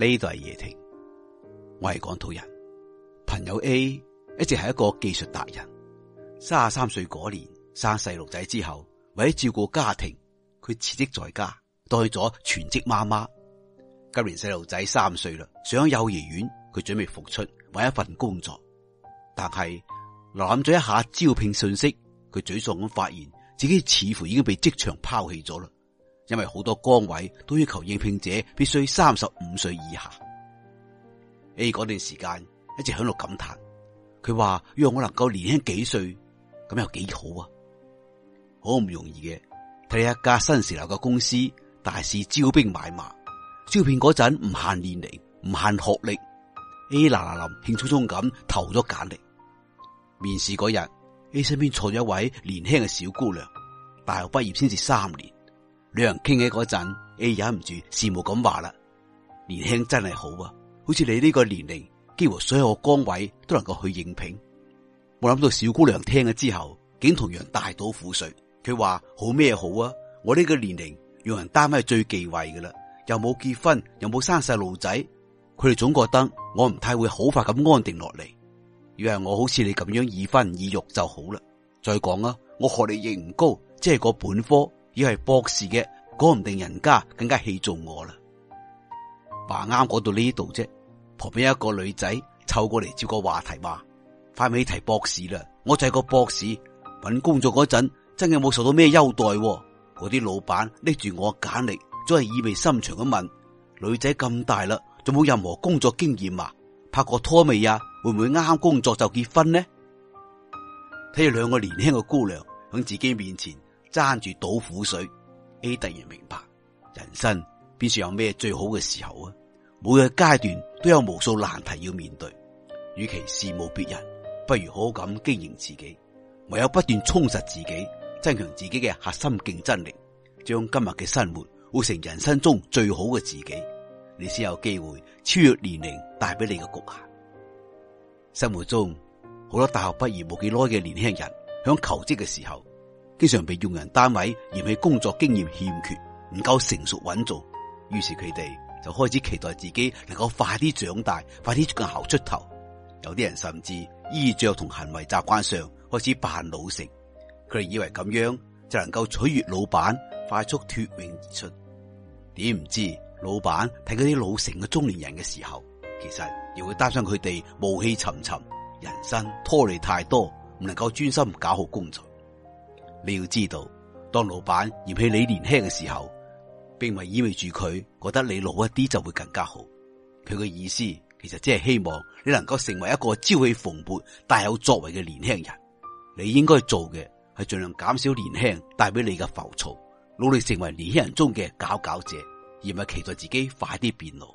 呢度係夜聽，我係港土人。朋友 A 一直係一個技術達人，三十三歲嗰年生細路仔之後，為咗照顧家庭，佢辭職在家當咗全職媽媽。今年細路仔三歲啦，上幼兒園，佢準備復出揾一份工作，但係瀏覽咗一下招聘信息，佢沮喪咁發現自己似乎已經被職場拋棄咗啦。因為好多崗位都要求應聘者必須三十五歲以下，A 嗰段時間一直響度感嘆，佢話：讓我能夠年輕幾歲，咁又幾好啊！好唔容易嘅，睇一家新時流嘅公司大肆招兵買馬，招聘嗰陣唔限年齡，唔限學歷，A 嗱嗱臨興沖沖咁投咗簡歷。面試嗰日，A 身邊坐咗一位年輕嘅小姑娘，大學畢業先至三年。兩人傾起嗰陣，佢、哎、忍唔住羨慕咁話啦：年輕真係好啊，好似你呢個年齡，幾乎所有崗位都能夠去應聘。我諗到小姑娘聽咗之後，竟同樣大倒苦水。佢話：好咩好啊？我呢個年齡，用人單係最忌諱噶啦，又冇結婚，又冇生細路仔，佢哋總覺得我唔太會好快咁安定落嚟。如果我好似你咁樣已婚已育就好啦。再講啊，我學歷亦唔高，即係個本科。要係博士嘅，講唔定人家更加器重我啦。話啱講到呢度啫，旁邊一個女仔湊過嚟接個話題話：快啲提博士啦！我就係個博士，搵工作嗰陣真係冇受到咩優待啊。嗰啲老闆拎住我簡歷，總係意味深長咁問：女仔咁大啦，仲冇任何工作經驗啊？拍過拖未啊？會唔會啱啱工作就結婚呢？睇住兩個年輕嘅姑娘響自己面前，爭住倒苦水，A 突然明白，人生邊處有咩最好嘅時候啊？每個階段都有無數難題要面對，與其羨慕別人，不如好好咁經營自己。唯有不斷充實自己，增強自己嘅核心競爭力，將今日嘅生活活成人生中最好嘅自己，你先有機會超越年齡帶俾你嘅局限。生活中好多大學畢業冇幾耐嘅年輕人，響求職嘅時候。經常被用人單位嫌棄工作經驗欠缺，唔夠成熟穩重，於是佢哋就開始期待自己能夠快啲長大，快啲更熬出頭。有啲人甚至衣着同行為習慣上開始扮老成，佢哋以為咁樣就能夠取悦老闆，快速脱穎而出。點唔知老闆睇嗰啲老成嘅中年人嘅時候，其實又會擔心佢哋暮氣沉沉，人生拖累太多，唔能夠專心搞好工作。你要知道，當老闆嫌棄你年輕嘅時候，並唔係意味住佢覺得你老一啲就會更加好。佢嘅意思其實只係希望你能夠成為一個朝氣蓬勃、大有作為嘅年輕人。你應該做嘅係盡量減少年輕帶俾你嘅浮躁，努力成為年輕人中嘅佼佼者，而唔係期待自己快啲變老。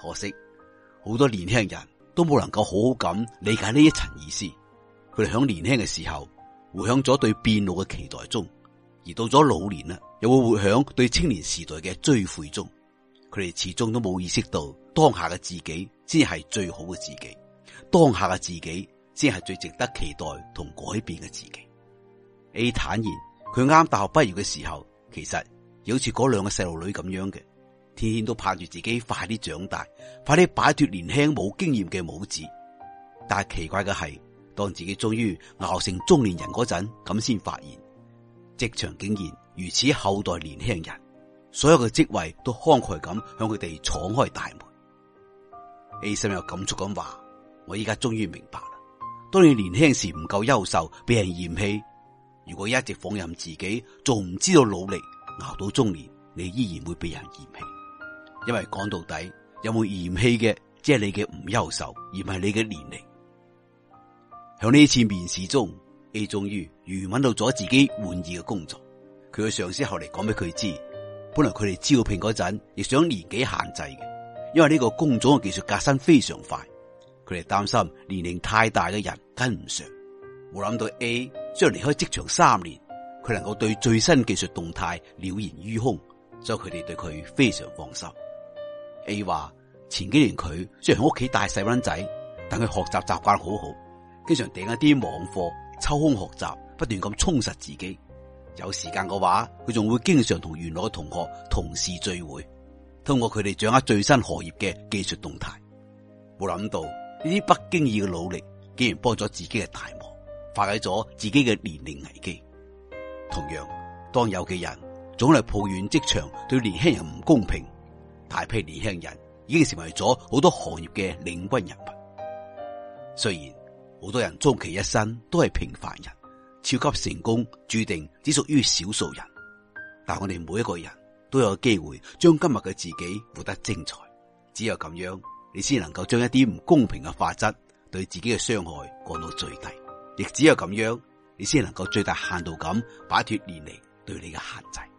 可惜，好多年輕人都冇能夠好好咁理解呢一層意思。佢哋響年輕嘅時候。回響咗對變老嘅期待中，而到咗老年呢，又會回響對青年時代嘅追悔中。佢哋始終都冇意識到當下嘅自己先係最好嘅自己，當下嘅自己先係最值得期待同改變嘅自己。A 坦言，佢啱大學畢業嘅時候，其實好似嗰兩個細路女咁樣嘅，天天都盼住自己快啲長大，快啲擺脫年輕冇經驗嘅帽子。但係奇怪嘅係。當自己終於熬成中年人嗰陣，咁先發現職場竟然如此厚待年輕人，所有嘅職位都慷慨咁向佢哋敞開大門。A 生又感觸咁話：我依家終於明白啦。當你年，年輕時唔夠優秀，俾人嫌棄；如果一直放任自己，仲唔知道努力，熬到中年，你依然會俾人嫌棄。因為講到底，有冇嫌棄嘅，即係你嘅唔優秀，而唔係你嘅年齡。喺呢次面試中，A 終於如揾到咗自己滿意嘅工作。佢嘅上司後嚟講俾佢知，本來佢哋招聘嗰陣亦想年紀限制嘅，因為呢個工種嘅技術革新非常快，佢哋擔心年齡太大嘅人跟唔上。冇諗到 A 雖然離開職場三年，佢能夠對最新技術動態了然於胸，所以佢哋對佢非常放心。A 話前幾年佢雖然喺屋企帶細蚊仔，但佢學習習慣好好。經常訂一啲網課，抽空學習，不斷咁充實自己。有時間嘅話，佢仲會經常同原來嘅同學、同事聚會，通過佢哋掌握最新行業嘅技術動態。冇諗到呢啲不經意嘅努力，竟然幫咗自己嘅大忙，化解咗自己嘅年齡危機。同樣，當有嘅人總係抱怨職場對年輕人唔公平，大批年輕人已經成為咗好多行業嘅領軍人物。雖然，好多人終其一生都係平凡人，超級成功注定只屬於少數人。但我哋每一個人都有機會將今日嘅自己活得精彩。只有咁樣，你先能夠將一啲唔公平嘅法則對自己嘅傷害降到最低。亦只有咁樣，你先能夠最大限度咁擺脫年齡對你嘅限制。